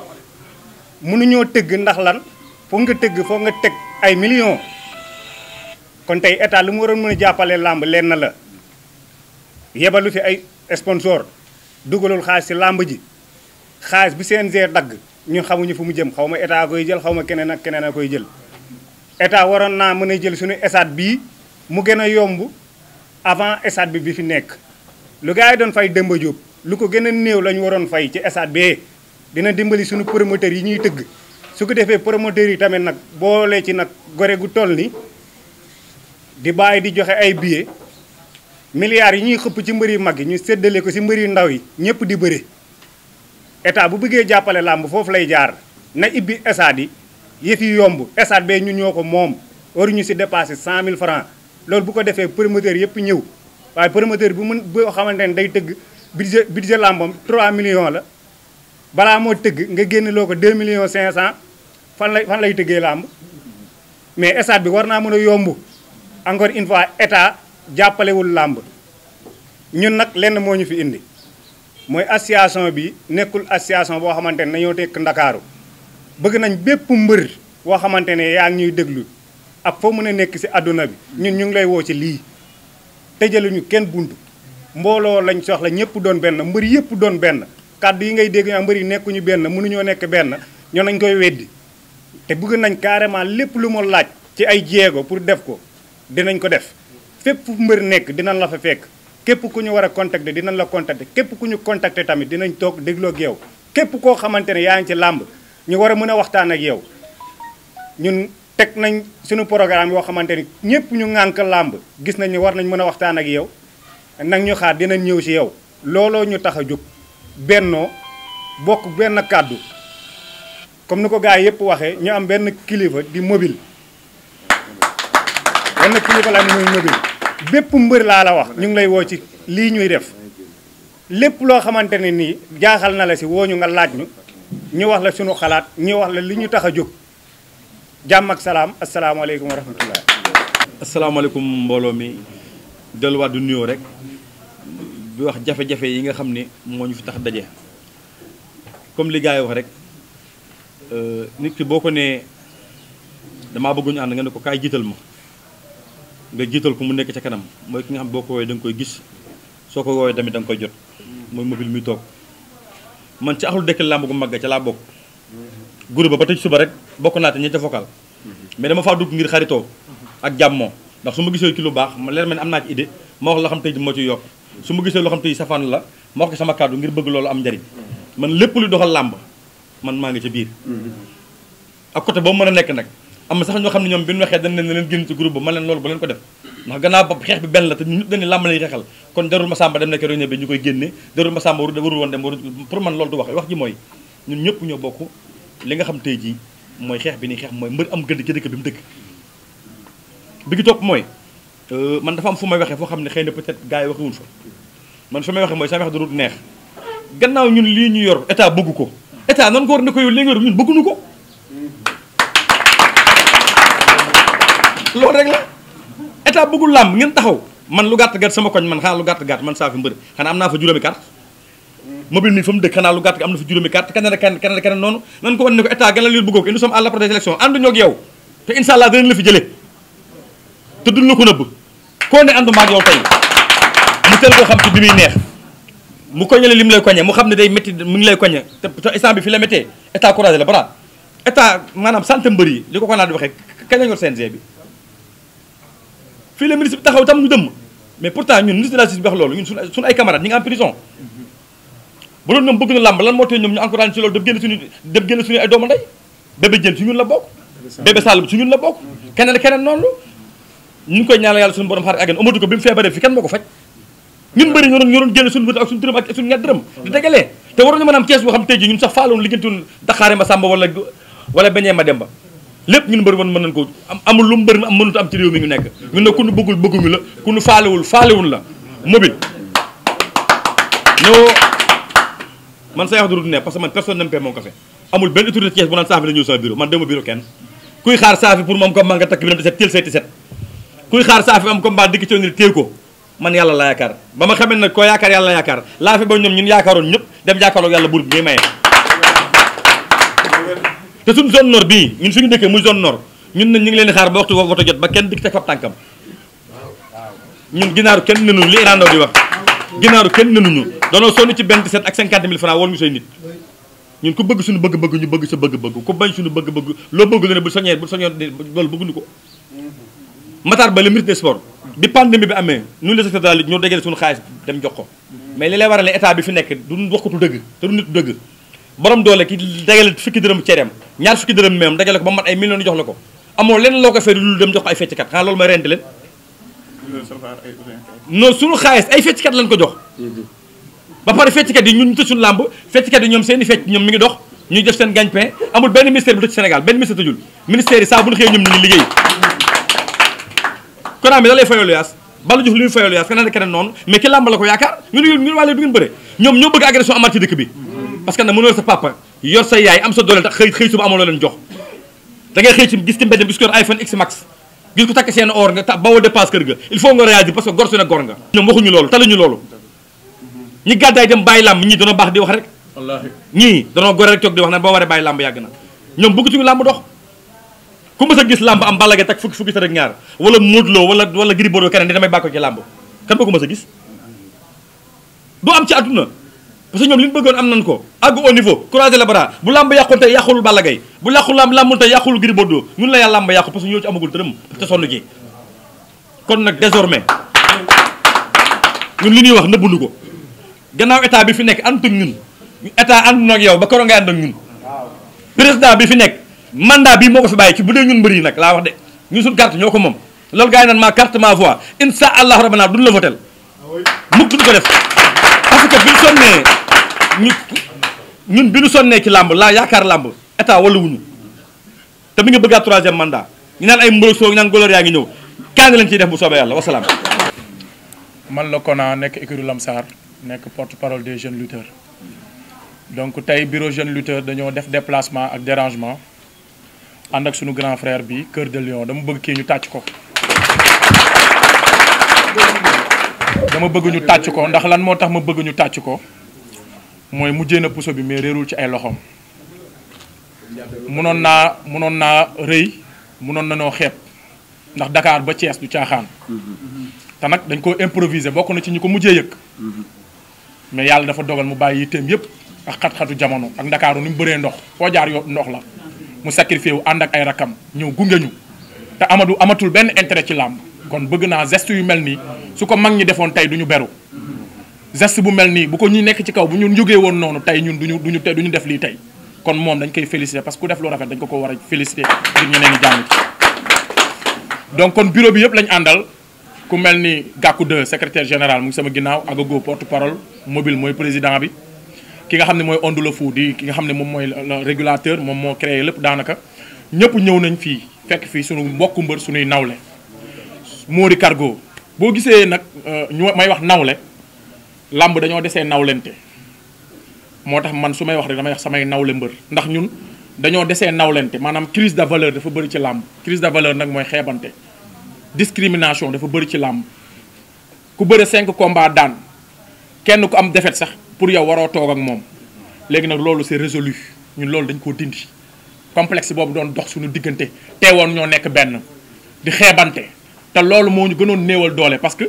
mënuñoo tëgg ndax lan foo nga tëgg foo nga teg ay millions kon tey état lu mu waroon mën jàppale làmb lenn la. yebalu fi ay sponsor dugalul xaalis ci làmb ji xaalis bi CNG dagg ñu xamuñu fu mu jëm xaw ma état koy jël xaw ma keneen ak keneen a koy jël état waroon naa mën a jël suñu stade bii mu gën a yomb avant stade bi bi fi nekk lu gars yi doon fay Demba lu ko gën a néew lañu waroon fay ci stade bee dina dimbali suñu promoteurs yi ñuy tëgg su ko defee promoteurs yi tamit nag boole ci nag gore gu toll ni di bàyyi di joxe ay billets milliards yi ñuy xëpp ci mbëri yu mag yi ñu séddale ko si mbëri yu ndaw yi ñëpp di bëre état bu bëggee jàppale làmb foofu lay jaar na ibbi esaat yi yëf yi yomb esaat bee ñun ñoo ko moom waruñu si dépassé cent mille francs loolu bu ko defee promoteur yëpp ñëw waaye promoteur bu mën boo xamante ni day tëgg budget budget làmbam 3 millions la balaa moo tëgg nga génn loo ko 2 millions 500 fan lay fan lay tëggee làmb mais esaat bi war naa mën a yomb encore une fois état. jàppalewul làmb ñun nag lenn moo ñu fi indi mooy association bi nekkul association boo xamante ne dañoo tekk ndakaaru bëgg nañ bépp mbër boo xamante ne yaa ngi ñuy déglu ak foo mën a nekk si àdduna bi ñun ñu ngi lay woo ci lii tëjaluñu kenn bunt mbooloo lañ soxla ñëpp doon benn mbër yëpp doon benn kàddu yi ngay dégg ñu mbër yi nekkuñu benn mënuñoo nekk benn ñoo nañ koy weddi te bëgg nañ carrément lépp lu mu laaj ci ay jéego pour def ko dinañ ko def fépp mbër nekk dinañ la fa fekk képp ku ñu war a contacter dinañ la contacter képp ku ñu contacter tamit dinañ toog dégloo ak yow képp koo xamante ne yaa ngi ci làmb ñu war a mën a waxtaan ak yow ñun teg nañ suñu programme yoo xamante ni ñëpp ñu ŋànk làmb gis nañ ne war nañ mën a waxtaan ak yow nag ñu xaar dinañ ñëw si yow looloo ñu tax a jóg bennoo bokk benn kàddu comme nu ko gars yëpp waxee ñu am benn kilifa di mobile benn kilifa la am muy mobile bépp mbër laa la wax ñu ngi lay woo ci lii ñuy def lépp loo xamante ne nii jaaxal na la si woo ñu nga laaj ñu ñu wax la sunu xalaat ñu wax la li ñu tax a jóg jàmm ak salaam asalaamaaleykum wa mbooloo mi delluwaat du nuyoo rek bi wax jafe-jafe yi nga xam ni moo ñu fi tax daje comme li gars yi wax rek euh, nit ki boo ko nee damaa bëgguñu ànd nga ne ko kaay jiital ma nga jiital ko mu nekk ca kanam mooy ki nga xam boo ko woowee da koy gis soo ko woowee tamit danga koy jot mooy mobile muy toog man ci axlu dëkk làmb gu mag ca laa bokk groupe ba tey suba rek bokk naa te ñetti vocal mais dama faa dugg ngir xaritoo ak jàmmoo ndax su ma gisee ci lu baax ma leer ma ne am naa ci idée ma wax loo xam tey moo ci yokk su ma gisee loo xam tey safaan la ma wax ko sama kàddu ngir bëgg loolu am njariñ man lépp lu doxal làmb man maa ngi ca biir mm-hmm. ak côté boobu mën a nekk nag am na sax ñoo xam ne ñoom bi ñu waxee dañ leen leen génn ci groupe ba ma leen loolu ba leen ko def ndax gannaaw ñun ñëpp ñoo bokk li nga xam tey jii mooy xeex bi ni xeex mooy mbër am gëdd bi gi topp mooy euh, man dafa am fu may waxee foo xam ne xëy na peut-être gars yi waxewul may waxee mooy sama wax du neex gannaaw ñun lii ñu yor état bëgg ko état nan ko war ne ko yow li yor ñun bëgguñu ko loolu rek la état bëggul làmb ngeen taxaw man lu gàtt gàtt sama koñ man xanaa lu gàtt gàtt man saa fi mbër xanaa am naa fa juróomi carte mobile mi fa mu dëkk fa juróomi carte keneen ak keneen ak keneen noonu nan ko wan te incha allah danañ la fi jëlee ne ànduma ak yow tey mu teel xam ci bi muy neex mu li mu lay koñe mu xam ne day métti mu ngi lay koñe te instant bi fi la maanaam santé mbër yi li ko ko naa di waxee kañ la ñu bi fii la ministre bi taxaw tam ñu dëmm mais pourtant ñun ministre de la justice bi wax loolu ñun suñu suñu ay camarades ñi nga am prison bu doon ñoom bëgg na làmb lan moo tee bokk bébé sàll noonu ñu koy ñaanal yàlla suñu borom xaar agan amatu ko kenn moo ko faj ñun bëri ñoo doon ñoo doon génn suñu ak suñu dërëm ak dërëm di tegalee te waroon ñu mën a am kees boo xam tey ñun sax faaloon liggéeyuñu daxaare ma sàmba wala beñee ma demba lépp ñun mbër mën man nañ ko am amul lu mbër am mënut am ci réew mi ñu nekk ñun nag ku ñu bëggul bëgguñu la ku ñu la mobile ñoo man say wax amul benn autorité Thiès bu naan saafi la ñëw man dama bureau kenn kuy mu am combat nga takk bi dem di set teel ko la yaakaar ba ma xamee nag koo yaakaar yàlla la yaakaar laa fi ba ñoom ñun yaakaaroon ñëpp dem jàkkaarloog yàlla buur bi ngay te suñ zone nord bii ñun suñu dëkkee muy zone nord ñun nañ ñu ngi leen di xaar ba waxtu woto jot ba kenn dikk teg fab tànkam ñun ginaaru kenn nenuñu li Iran Ndao di wax ginaaru kenn nenuñu danoo sonn ci benn set ak cinquante mille francs woon ñu say nit ñun ku bëgg suñu bëgg-bëgg ñu bëgg sa bëgg-bëgg ku bañ suñu bëgg-bëgg loo bëgg lu ne bu soñee bu soñoon loolu bëgguñu ko Matar Ba le ministre des sports bi pandémie bi amee ñun les secrétaires li ñoo dajale suñu xaalis dem jox ko mais li lay waral état bi fi nekk du waxkatu dëgg te du nit dëgg borom doole ki dajale fukki dërëm cereem ñaar fukki dërëm meem dajale ko ba mat ay millions di jox la ko amoo lenn loo ko fee lu dem jox ko ay fecckat xanaa loolu may rend leen non suñu xaalis ay fecckat lañ ko jox ba pare fecckat yi ñun ñu tëj suñu làmb yi ñoom seeni fecc ñoom mi ngi dox ñu def seen gagne-pain amul benn ministère bu tëj Sénégal benn ministère tëjul ministère yi saa bu ñu xëyee ñoom ñu ngi liggéey konaa mi da lay fayoolu yaas balu jox lu ñu fayoolu yaas keneen ak keneen ñoom ñoo bëgg agression amaat ci dëkk bi parce que yor sa yaay am sa doole tax xëy xëy suba amoo loo leen jox da ngay xëy ci gis ci mbedd bi gis ko yor iPhone X Max gis ko takk seen or nga ta bawoo dépense kër ga il faut nga réagir parce que gor su ne gor nga ñoom waxuñu loolu taluñu loolu ñi gàddaay dem bàyyi làmb ñii danoo baax di wax rek ñii danoo gore rek toog di wax naan boo waree bàyyi làmb yàgg na ñoom bëggatuñu làmb dox ku mës a gis làmb am ballage tak fukki fukki sa rek ñaar wala Modou Lo wala wala Gris Bordeaux keneen di damay bàkko ci làmb kan boo am ci àdduna parce que ñoom li ñu bëggoon am nañ ko àgg au niveau croiser les bras bu làmb yàqul tey yàqul Balla Gaye bu làqul làmb làmbul tey yàqul Gris ñun la yàlla làmb yàqu parce que ñoo ci amagul te sonn ji kon nag désormais ñun li ñuy wax nëbbunu ko gannaaw état bi fi nekk ànduñ ñun état ànd na yow ba koro ngay ànd ak ñun président bi fi nekk mandat bi moo ko fi bàyyi ci bu dee ñun mbër yi nag laa wax de ñun suñ carte ñoo ko moom loolu gars yi naan ma carte ma voix insha allahu rabbana duñ la votel ah mukk duñ ko def parce que ñu ñun bi ñu sonnee ci làmb laa yaakaar làmb état wala wuñu te mi ngi bëggaat troisième mandat ñu naan ay mbolo soo ñu naan golor yaa ngi ñëw kaa lañ ciy def bu soobee yàlla wasalaam. man la ko naa nekk écurie Lamsar nekk porte parole des jeunes lutteurs donc tey bureau jeune lutteur dañoo def déplacement ak dérangement ànd ak suñu grand frère bi Cœur de Lion dama bëgg kii ñu tàcc ko. dama bëgg ñu tàcc ko ndax lan moo tax ma bëgg ñu tàcc ko. mooy mujjee na puso bi mais réerul ci ay loxoom munoon naa munoon naa rëy munoon na noo xeeb ndax Dakar ba Thiès du caaxaan te nag dañ koo ko improviser bokk na ci ñi ko mujjee yëg mais yàlla dafa dogal mu bàyyi yitteem yëpp ak xat-xatu jamono ak ndakaaru ni mu bëree ndox foo jaar yoo ndox la mu sacrifié wu ànd ak ay rakam ñëw gunge ñu te amatul amatul benn intérêt ci làmb kon bëgg naa geste yu mel nii su ko mag ñi defoon tey du ñu beru geste bu mel nii bu ko ñu nekk ci kaw bu ñu jógee woon noonu tey ñun duñu duñu te duñu def lii tey kon moom dañ koy féliciter parce que ku def lu rafet dañ ko ko war a féliciter ngir ñeneen ñi jàng ci donc kon bureau bi yëpp lañ àndal ku mel ni Gakou 2 secrétaire général mu sama ginnaaw Agogo porte parole mobile mooy président bi ki nga xam ne mooy Ondou le Fou di ki nga xam ne moom mooy le régulateur moom moo créé lépp daanaka ñëpp ñëw nañ fii fekk fii suñu mbokku mbër suñuy nawle Mori Cargo boo gisee nag euh, ñu may wax nawle làmb dañoo desee nawlente moo tax man su may wax rek damay wax samay nawle mbër ndax ñun dañoo desee nawlente maanaam crise de valeur dafa bëri ci làmb crise de valeur nag mooy xeebante discrimination dafa bëri ci làmb ku bëre cinq combats daan kenn ku am défaite sax pour yow waroo toog ak moom léegi nag loolu si résolu ñun loolu dañ koo dindi complexe boobu doon dox suñu diggante woon ñoo nekk benn di xeebante te loolu moo ñu gënoon néewal doole parce que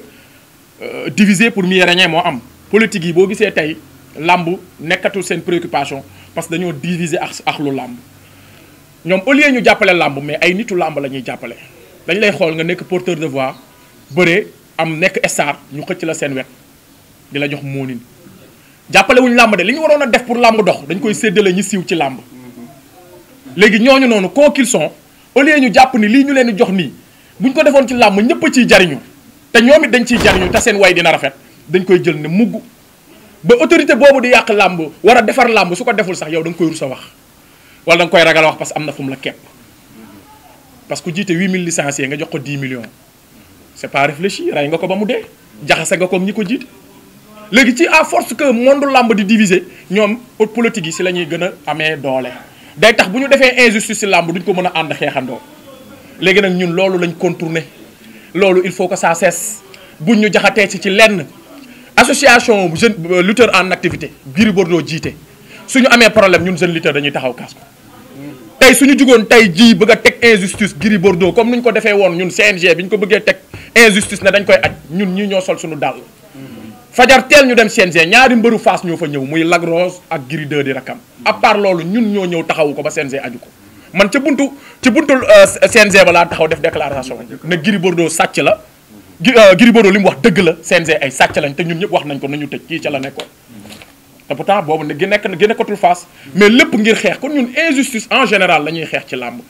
euh, diviser pour mieux régner moo am politique yi boo gisee tey làmb nekkatu seen préoccupation parce que dañoo diviser ak ak lu làmb ñoom au lieu ñu jàppale làmb mais ay nitu làmb la ñuy jàppale dañ lay xool nga nekk porteur de voix bëree am nekk star ñu xëcc la seen wet di la jox moonin jàppale wuñu làmb de li ñu waroon a def pour làmb dox dañ koy séddale ñu siiw ci làmb léegi ñu noonu quoi qu'ils sont au ñu jàpp ni lii ñu leen di jox nii buñ ko defoon ci làmb ñëpp ciy jariñu te ñoom it ciy jariñu seen way dina rafet dañ koy jël ne mugg ba autorité boobu di yàq làmb war a defar làmb su ko deful sax yow da nga koy rusa wax wala da koy ragal wax parce que am na fu mu la kepp parce jiite huit mille 8000 licenciés nga jox ko 10 millions c'est pas réfléchi rey nga ko ba mu dee jaxase nga ko ñi ko jiite. léegi ci à force que monde làmb di diviser ñoom politique yi si la ñuy gën a amee doole day tax bu ñu defee injustice si làmb duñ ko mën a ànd xeexandoo léegi nag ñun loolu lañ contourner loolu il faut que ça cesse buñ ñu jaxatee ci ci lenn. association jeune euh, lutteur en activité Gris Bordeaux jiite suñu amee problème ñun jeune lutteur dañuy taxaw kaas ko tey suñu jugoon tey jii bëgg a teg injustice Gris Bordeaux comme ni ñu ko defee woon ñun CNG bi ñu ko bëggee teg injustice ne dañ koy aj ñun ñii ñoo sol suñu dàll fajar teel ñu dem CNG ñaari mbëru faas ñoo fa ñëw muy Lac ak Gris 2 di rakam à part loolu ñun ñoo ñëw taxawu ko ba CNG aju ko man ca buntu ci buntu euh, CNG ba laa taxaw def déclaration ne Gris Bordeaux sàcc la Euh, Gris Bordeaux li mu wax dëgg la CNG ay sàcc lañ te ñun ñëpp wax nañ ko nañu tëj kii ca la nekkoon te boobu ne gi nekk na gi nekkatul face mais lépp ngir xeex kon ñun injustice en général la ñuy xeex ci làmb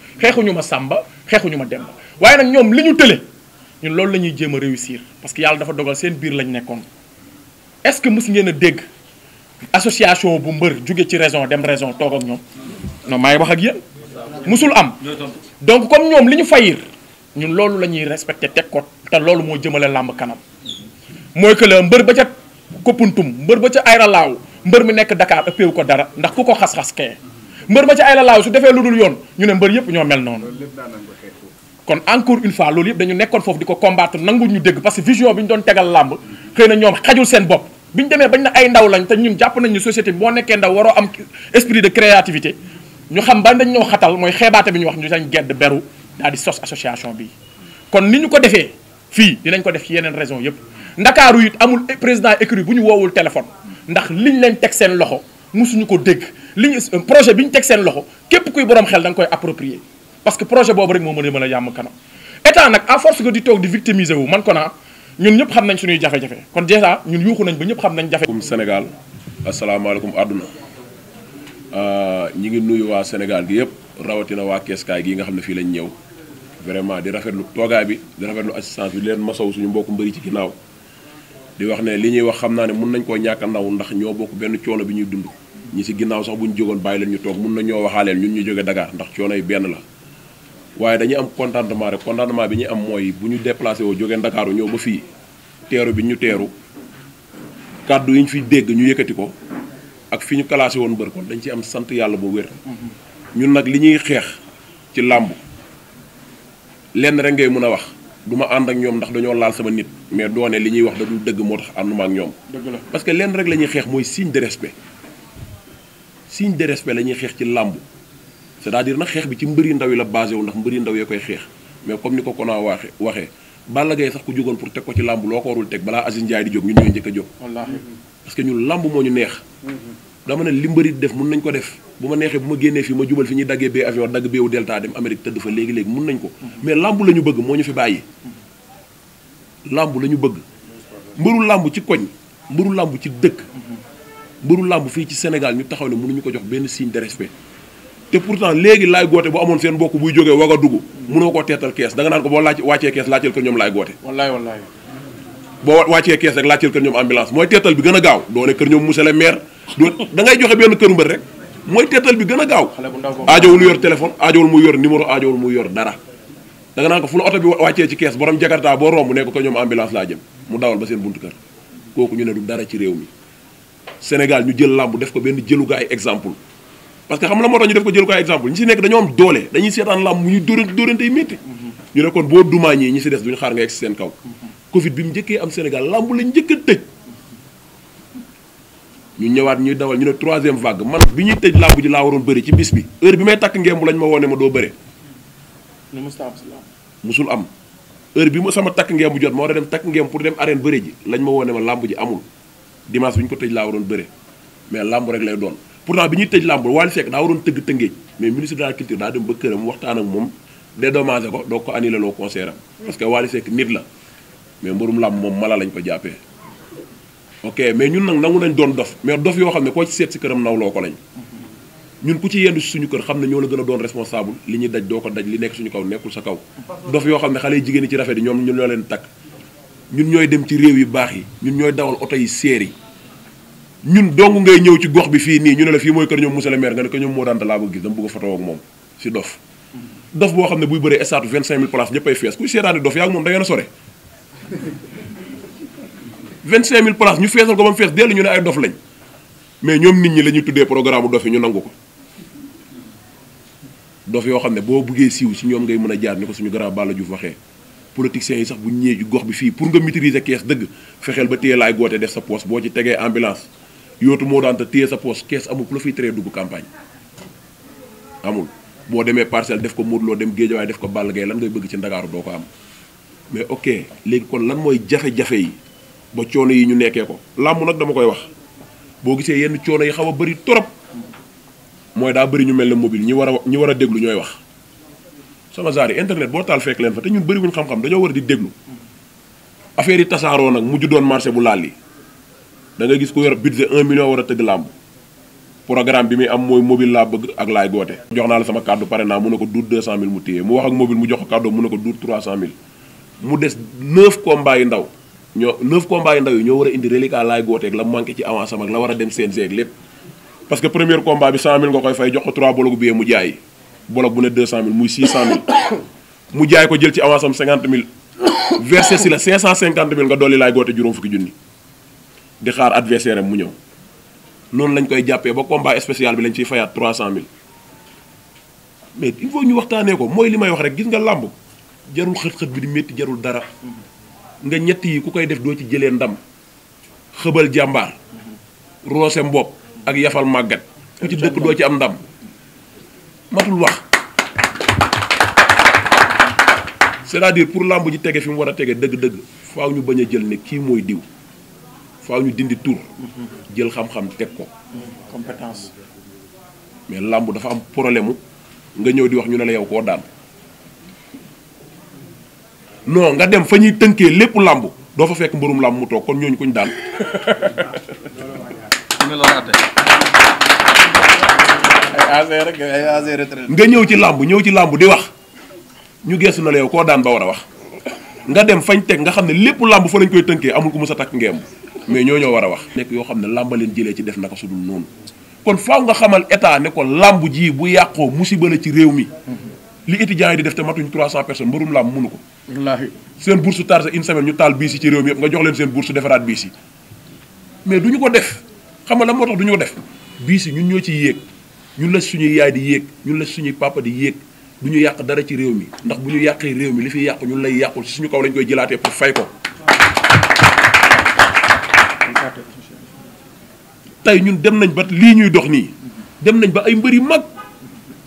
ñu ma Samba ñu ma Demba waaye nag ñoom li ñu tële ñun loolu la ñuy jéem a réussir parce que yàlla dafa dogal seen biir lañ nekkoon est-ce que mës ngeen a dégg association bu mbër jóge ci raison dem raison toog ak ñoom non maa ngi wax ak yéen musul am donc comme ñoom li ñu fayir ñun loolu la ñuy respecté teg ko te loolu moo jëmale làmb kanam mooy que la mbër ba ca koppuntum mbër ba ca ayra laaw mbër mi nekk Dakar ëppeewu ko dara ndax ku ko xas-xas kee mbër ba ca ayra laaw su defee lu dul yoon ñu ne mbër yëpp ñoo mel noonu kon encore une fois loolu yëpp dañu nekkoon foofu di ko combattre nangu ñu dégg parce que vision bi ñu doon tegal làmb xëy na ñoom xajul seen bopp bi ñu demee bañ na ay ndaw lañ te ñun jàpp nañ ñu société moo boo nekkee ndaw waroo am esprit de ñu xam dañ ñoo xatal mooy xeebaate bi ñu wax ñu dañ gedd beru daal sos association bi kon ni ñu ko defee fii dinañ ko def ci yeneen raison yëpp ndakaaru it amul président écurie bu ñu woowul téléphone ndax liñ leen teg seen loxo musuñu ko dégg liñ euh, projet bi ñu teg seen loxo képp kuy borom xel da nga koy approprier parce que projet boobu rek moo mën a mën a yàmm kanam état nag à force que di toog di victimiser wu man ko naa ñun ñëpp xam nañ suñuy jafe-jafe kon dèjà ñun yuuxu nañ ba ñëpp xam nañ jafe Sénégal asalaamaaleykum àdduna euh, ñi ngi nuyu waa Sénégal gi yëpp rawatina waa keeskaay gii nga xam ne fii lañ ñëw vraiment di rafetlu toogaay bi di rafetlu assistance bi di leen masaw suñu mbokk mbëri ci ginnaaw di wax ne li ñuy wax xam naa ne mun nañ koo ñàkk ndaw ndax ñoo bokk benn coono bi ñuy dund ñi si ginnaaw sax bu ñu jógoon bàyyi leen ñu toog mun na ñoo waxaaleel ñun ñu jóge Dakar ndax coono yi benn la waaye dañuy am contentement rek contentement bi ñu am mooy bu ñu déplacé woo jógee Ndakaaru ñoo ba fii teeru bi ñu teeru kàddu yi ñu fi dégg ñu yëkkati ko ak fi ñu classé woon mbër dañ ci am sant yàlla bu wér mm-hmm. ñun nag li ñuy xeex ci làmb lenn rek ngay mën a wax du ma ànd ak ñoom ndax dañoo laal sama nit mais doone li ñuy wax da dëgg moo tax ànduma ak ñoom parce que lenn rek la ñuy xeex mooy signe de respect signe de respect la ñuy xeex ci làmb c'est-à-dire nag xeex bi ci mbëri ndaw la basé wu ndax mbëri ndaw yee koy xeex mais comme ni ko Kona waxe waxee Balla Gaye sax ku jógoon pour teg ko ci làmb loo ko warul teg balaa Aziz Ndiaye di jóg ñun ñooy njëkk jóg parce que ñun làmb moo ñu neex mm-hmm. dama ne li def mun nañ ko def bu ma neexee bu ma génnee fii ma jubal fi ñuy daggee bee avion dagg beewu delta dem Amérique tëdd fa léegi-léegi mun nañ ko mais làmb lañu bëgg moo fi bàyyi làmb la ñu bëgg mbëru làmb ci koñ mbëru làmb ci dëkk mbëru làmb fii ci Sénégal ñu taxaw ne mënuñu ko jox benn signe de respect te pourtant léegi laay goote bu amoon seen mbokk buy jógee Wagadugu mënoo koo teetal kees da nga naan ko boo laaj wàccee kees laajal ko ñoom laay goote boo wàccee kees rek laajteel kër ñoom ambulance mooy teetal bi gën a gaaw doo ne kër ñoom monsieur le maire doo da ngay joxe benn kër mbër rek mooy teetal bi gën a gaaw aajowul yor téléphone aajowul mu yor numéro aajowul mu yor dara da nga naan ko fu la oto bi wàccee ci kees borom jakarta boo romb ne ko ñoom ambulance laa jëm mu dawal ba seen buntu kër kooku ñu ne du dara ci réew mi Sénégal ñu jël làmb def ko benn jëluga ay exemple parce que xam la moo tax ko jëluga ay exemple ñi si nekk dañoo am doole dañuy seetaan làmb mu ñu dóorante dóorante yi métti mm-hmm. ñu ne kon boo dumaa xaar nga egg seen kaw Covid bi mu njëkkee am Sénégal làmb lañ njëkk a tëj ñu ñëwaat ñuy dawal ñu ne troisième vague man bi ñuy tëj làmb ji laa waroon bëri ci bis bi heure bi may takk ngemb lañ ma woone ma doo bëre. ma sama takk ngemb jot ma war a dem takk ngemb pour dem arène bëre ji lañ ma woone ma làmb ji amul dimanche bi ñu ko tëj laa waroon bëre mais làmb rek lay doon pourtant bi ñuy tëj làmb Wally Seck daa waroon tëgg tëngéej mais ministre de la culture daa dem ba këram waxtaan ak moom dédommagé ko doo ko annulé que Wally Seck nit la mais mbërum làmb moom mala lañ ko jàppee ok mais ñun nag nangu nañ doon dof mais dof yoo xam ne koo ci seet si këram nawloo ko lañ ñun ku ci yendu suñu kër xam ne ñoo la gën a doon responsable li ñuy daj doo ko daj li nekk suñu kaw nekkul sa kaw dof yoo xam ne ñoo leen yi ñun ñooy dawal oto yi a foto ak moom si buy bëree stade vingt cinq mille places ñëppay fees ku seetaani dof yaa moom da a sore 25 000 places ñu feesal ko ba mu fees dellu ñu ne ay dof lañ mais ñoom nit ñi la ñuy tuddee programme dof yi ñu nangu ko dof yoo xam ne boo buggee siiw si ñoom ngay mën a jaar ni ko suñu grand Balla ju waxee politiciens yi sax bu ñëwee ju gox bi fii pour nga maîtriser kees dëgg fexeel ba téye laay goote def sa poos boo ci tegee ambulance yootu moo daan te téye sa poos kees amul ku la fiy teree dugg campagne amul boo demee parcelle def ko Modou Lo dem Guédiawaye def ko Balla Gaye lan ngay bëgg ci Ndakaaru doo ko am mais ok léegi kon lan mooy jafe-jafe yi ba coono yi ñu nekkee ko làmb nag dama koy wax boo gisee yenn coono yi xaw a bëri trop mooy daa bëri ñu mel ne mobile ñi war a ñi war a déglu ñooy wax sama genre internet boo taal fekk leen fa te ñun bëri xam-xam dañoo war a di déglu affaire yi tasaaroo nag mujj doon marché bu laal yi da nga gis ku yor budget 1 million war a tëgg làmb programme bi muy am mooy mobile laa bëgg ak laay goote. jox naa la sama kàddu pare naa mu des neuf combats yu ndaw ñoo neuf combats yu ndaw ñoo war a indi reliquat laay gooteeg la manqué ci avance am ak la war a dem CNG ak lépp parce que premier combat bi 100000 nga koy fay jox ko 3 bolok bi mu jaay bolok bu ne 200000 muy 600000 mu jaay ko jël ci avance am 50000 versé si la 550000 nga dolli laay goote juróom fukki junni di xaar adversaire am mu ñëw noonu lañ koy jàppee ba combat spécial bi lañ ciy fayaat 300000 mais il faut ñu waxtaanee ko mooy li may wax rek gis nga làmb. jarul xët-xët bi di métti jarul dara nga ñett yi ku koy def doo ci jëlee ndam xëbal jàmbaar rose mbopp ak yafal màggat ku ci dëkk doo ci am ndam matul wax c'est-à-dire pour làmb ji tege fi mu war a tege dëgg-dëgg faaw ñu bañ a jël ne kii mooy diw faaw ñu dindi tur jël xam-xam teg ko compétence mais làmb dafa am problème nga ñëw di wax ñu ne la yow koo daan no nga dem fa ñuy tënkee lépp làmb doo fa fekk mbërum làmb mu toog kon ñooñu kuñ daan. nga ñëw ci làmb ñëw ci làmb di wax ñu geesu na la koo daan ba war a wax nga dem fañ teg nga xam ne lépp làmb fa lañ koy tënkee amul ku mës a takk ngeem mais ñoo ñoo war a wax. nekk yoo xam ne làmba leen jëlee ci def na ko naka sudul noonu kon faaw nga xamal état ne ko làmb ji bu yàqoo musiba la ci réew mi. li étudiants yi di def te matuñ 300 personnes mbërum laam mënu ko. wallaahi seen bourse tarse une semaine ñu taal biis yi ci réew mi yëpp nga jox leen seen bourse defaraat biis yi mais du ñu ko def xam nga lan moo tax du ñu ko def biis yi ñun ñoo ci yéeg ñun la suñuy yaay di yéeg ñun la suñuy papa di yéeg du ñu yàq dara ci réew mi ndax bu ñu yàqee réew mi li fi yàq ñun lay yàqul si suñu kaw lañ koy jëlaatee pour fay ko. tey ñun dem nañ ba lii ñuy dox nii dem nañ ba ay mbër yu mag.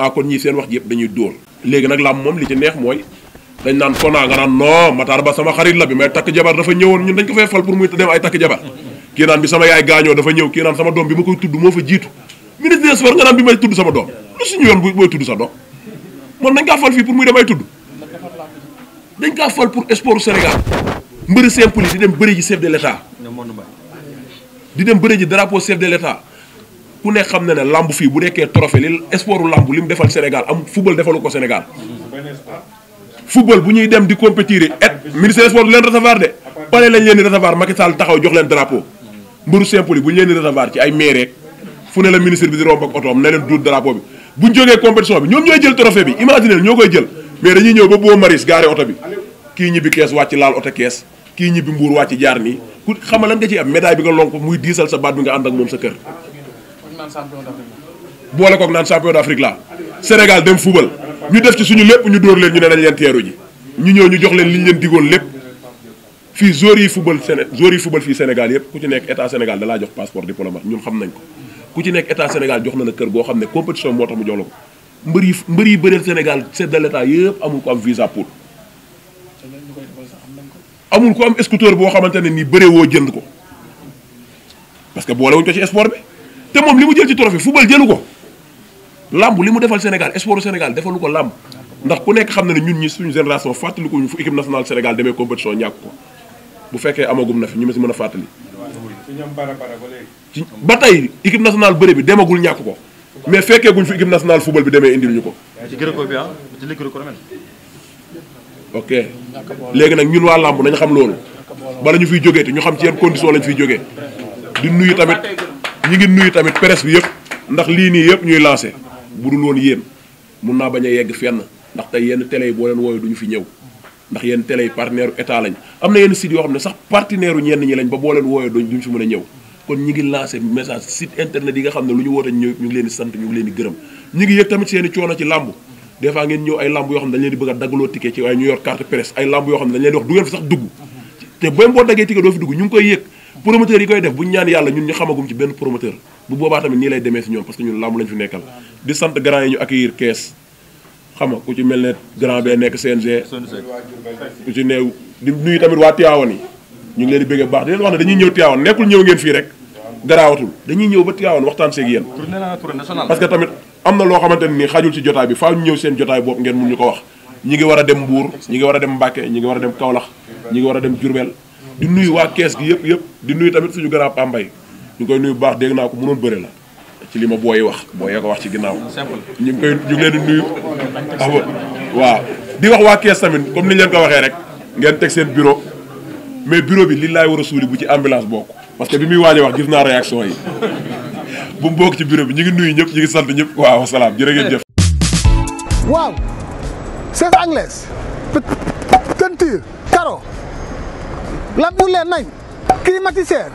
ah kon ñii seen wax ji yëpp dañuy dóor léegi nag laam moom li ci neex mooy dañ naan Kona nga naan non Matar Ba sama xarit la bi may takk jabar dafa ñëwoon ñun dañ ko fay fal pour muy dem ay takk jabar sama yaay gaañoo dafa ñëw kii naan sama doom bi ma koy tudd moo fa jiitu ministre des sports nga naan bi may tudd sama doom lu suñu yoon bu booy tudd dañ kaa fal fii pour muy dem ay tudd dañ kaa pour sport Sénégal mbëri simple yi di dem bëri ji chef de l' état di dem bëri ji drapeau chef de l' état ku ne xam na ne lamb fii bu nekkee trophée li espoiru lamb li mu defal Sénégal am football defalu ko Sénégal. football bu ñuy dem di compétir et ministère des sports du leen recevoir de pare lañ leen di recevoir Macky taxaw jox leen drapeau mbëru simple yi bu ñu leen di recevoir ci ay mairie fu ne la ministre bi di romb ak otoom ne leen duut drapeau bi bu ñu jógee compétition bi ñoom ñooy jël trophée bi imaginer ñoo koy jël mais dañuy ñëw ba boo maris oto bi kii ñibbi kees wàcc laal oto kees kii ñibbi mbuur wàcc jaar nii ku xamalan nga ci am médaille bi sa baat bi nga ànd ak moom sa kër boole koog naan champion d'Afrique la Sénégal dem fubal ñu def ci suñu lépp ñu dóor leen ñu ne nañ leen teeru ji ñu ñëw ñu jox leen li ñu leen digoon lépp fii joueurs yi fubal Séné yi fubal fii Sénégal yëpp ku ci nekk état Sénégal dalaa jox passeport diplomate ko ku ci na la kër goo xam ne compétition moo tax mu jox la ko mbër yi mbër yi bëreel Sénégal chef de l'état amul ko am visa pour amul ko am scooter boo xamante ne nii bëree woo jënd ko parce que boolewuñu ko ci sport bi te moom li mu jël ci trophée football jëlu ko làmb li mu defal Sénégal sport Sénégal defalu ko làmb ndax ku nekk xam na ne ñun ñi suñu génération fàttaliku ñu fu équipe nationale Sénégal demee compétition ñàkk ko bu fekkee amagum na fi ñu ma si mën a fàttali. ci ba tey équipe nationale bëre bi demagul ñàkk ko mais fekkee guñ fi équipe nationale football bi demee indil ñu ko. Ah, ok léegi nag ñun waa làmb nañ xam loolu. bala ñu fiy jógee te ñu xam ci yan condition lañ fiy jógee di nuyu tamit. ñi ngi nuyu tamit presse bi yëpp ndax lii nii yëpp ñuy lancé bu dul woon yéen mun naa bañ a yegg fenn ndax tey yenn télé yi boo leen na yenn sites yoo xam u wooyoo duñ duñ fi mën a ñëw kon ñi ngi lancé message site internet yi nga xam ne lu ñu woote ñu ngi leen di sant ñu ngi leen di gërëm ñi ngi yëg tamit seen i coono ci làmb des ngeen ñëw ay làmb yoo xam ne dañ leen di bëgg a daggaloo ticket ci waaye ñu yor carte presse ay làmb yoo xam ne dañ leen di wax du ngeen fi sax dugg ñu ngi koy yëg promoteurs yi koy def bu ñu ñaan yàlla ñun ñu xamagum ci benn promoteur bu boobaa tamit nii lay demee si ñoom parce que ñun làmb lañu fi nekkal di sant grand yi ñu accueillir kees xam ku ci mel ne grand bee nekk CNG ku ci neew nuyu tamit waa Tivaouane yi ñu ngi leen di bëggee baax di wax ne dañuy ñëw Tivaouane nekkul ñëw ngeen fii rek garaawatul dañuy ñëw ba Tivaouane waxtaan seeg yéen parce tamit am na loo xamante ne xajul ci jotaay bi faaw ñëw seen a dem Mbour ñi ngi war a dem Mbacké ñi war a dem Kaolack ñi war a dem di nuyu waa kees gi yëpp yëpp di nuyu tamit suñu grand pambay ñu koy nuyu bu baax dégg naa ko mënoon bëre la ci li ma booy wax booyee ko wax ci ginnaaw ñu ngi koy ñu ngi leen di nuyu a ah, waaw di wax waa kees tamit comme ni leen ko waxee rek ngeen teg seen bureau mais bureau bi lii laay war a suuli bu ci ambulance bokk parce que bi muy waaj wax gis naa réaction yi bu mu bokk ci bureau bi ñu ngi nuyu ñëpp ñu ngi sant ñëpp waaw salaam jërë ngeen jëf waaw c'est lampe bu leer nañ climatiseur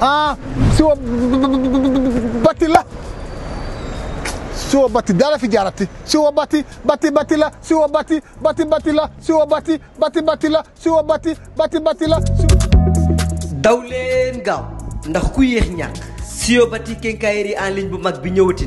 ah siwo bati la siwo bati dara fi jarati siwo bati bati bati la siwo bati bati bati la siwo bati bati bati la siwo bati bati bati la daw gaaw ndax ku yéex ñàkk siwo bati kenkaayeri en ligne bu mag bi ñëwati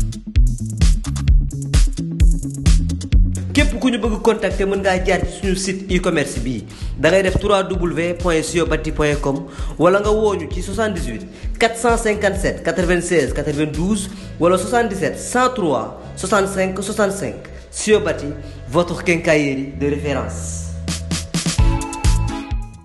képp ku ñu bëgg contacter mën ngaa jaar ci suñu site e-commerce bi def bii da ngay def www.siobati.com wala nga wooñu ci 78 457 96 92 wala 77 103 65 65 Siobati votre quincaillerie de référence.